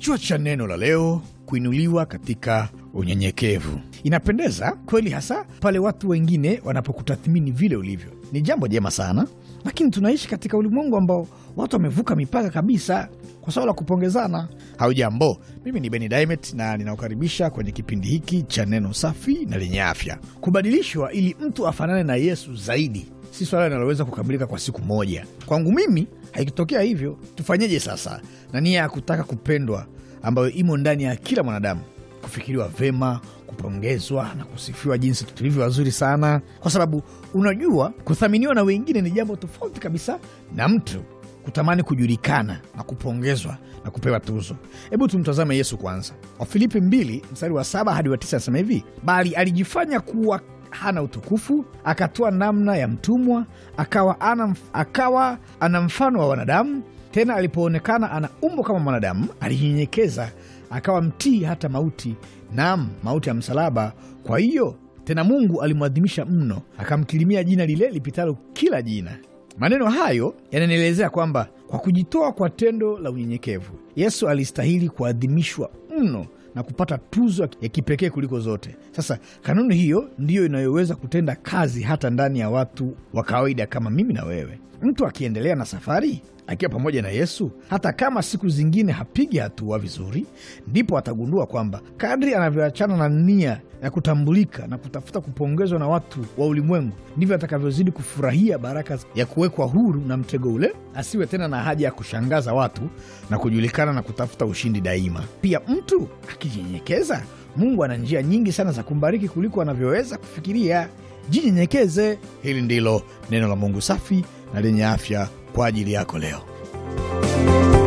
Kichwa cha neno la leo: kuinuliwa katika unyenyekevu. Inapendeza kweli, hasa pale watu wengine wanapokutathmini vile ulivyo. Ni jambo jema sana, lakini tunaishi katika ulimwengu ambao watu wamevuka mipaka kabisa kwa swala la kupongezana. Haujambo, mimi ni Beni Dimet na ninakukaribisha kwenye kipindi hiki cha neno safi na lenye afya. Kubadilishwa ili mtu afanane na Yesu zaidi si swala linaloweza kukamilika kwa siku moja. Kwangu mimi haikitokea hivyo. Tufanyeje sasa na nia ya kutaka kupendwa ambayo imo ndani ya kila mwanadamu, kufikiriwa vema, kupongezwa na kusifiwa jinsi tulivyo wazuri sana, kwa sababu unajua, kuthaminiwa na wengine ni jambo tofauti kabisa na mtu kutamani kujulikana na kupongezwa na kupewa tuzo. Hebu tumtazame Yesu kwanza. Wafilipi 2 mstari wa 7 hadi wa 9 anasema hivi, bali alijifanya kuwa hana utukufu, akatoa namna ya mtumwa, akawa ana, akawa ana mfano wa wanadamu. Tena alipoonekana ana umbo kama mwanadamu, alijinyenyekeza akawa mtii hata mauti, nam mauti ya msalaba. Kwa hiyo tena Mungu alimwadhimisha mno, akamkirimia jina lile lipitalo kila jina, Maneno hayo yananielezea kwamba kwa kujitoa kwa tendo la unyenyekevu, Yesu alistahili kuadhimishwa mno na kupata tuzo ya kipekee kuliko zote. Sasa kanuni hiyo ndiyo inayoweza kutenda kazi hata ndani ya watu wa kawaida kama mimi na wewe. Mtu akiendelea na safari akiwa pamoja na Yesu, hata kama siku zingine hapigi hatua vizuri, ndipo atagundua kwamba kadri anavyoachana na nia ya kutambulika na kutafuta kupongezwa na watu wa ulimwengu, ndivyo atakavyozidi kufurahia baraka ya kuwekwa huru na mtego ule. Asiwe tena na haja ya kushangaza watu na kujulikana na kutafuta ushindi daima. Pia mtu akijinyenyekeza, Mungu ana njia nyingi sana za kumbariki kuliko anavyoweza kufikiria. Jinyenyekeze. Hili ndilo neno la Mungu safi na lenye afya kwa ajili yako leo.